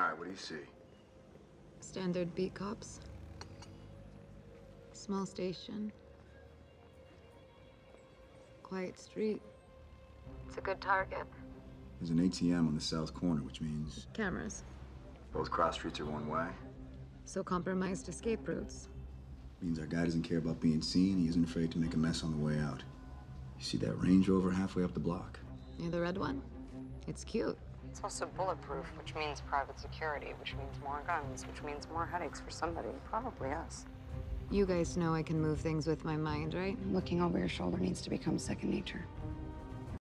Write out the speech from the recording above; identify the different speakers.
Speaker 1: All right, what do you see?
Speaker 2: Standard beat cops. Small station. Quiet street. It's a good target.
Speaker 3: There's an ATM on the south corner, which means... Cameras. Both cross streets are one way.
Speaker 2: So compromised escape routes.
Speaker 3: Means our guy doesn't care about being seen. He isn't afraid to make a mess on the way out. You see that Range Rover halfway up the block?
Speaker 2: Yeah, the red one. It's cute.
Speaker 4: It's also bulletproof, which means private security, which means more guns, which means more headaches for somebody,
Speaker 2: probably us. You guys know I can move things with my mind, right? Looking over your shoulder needs to become second nature.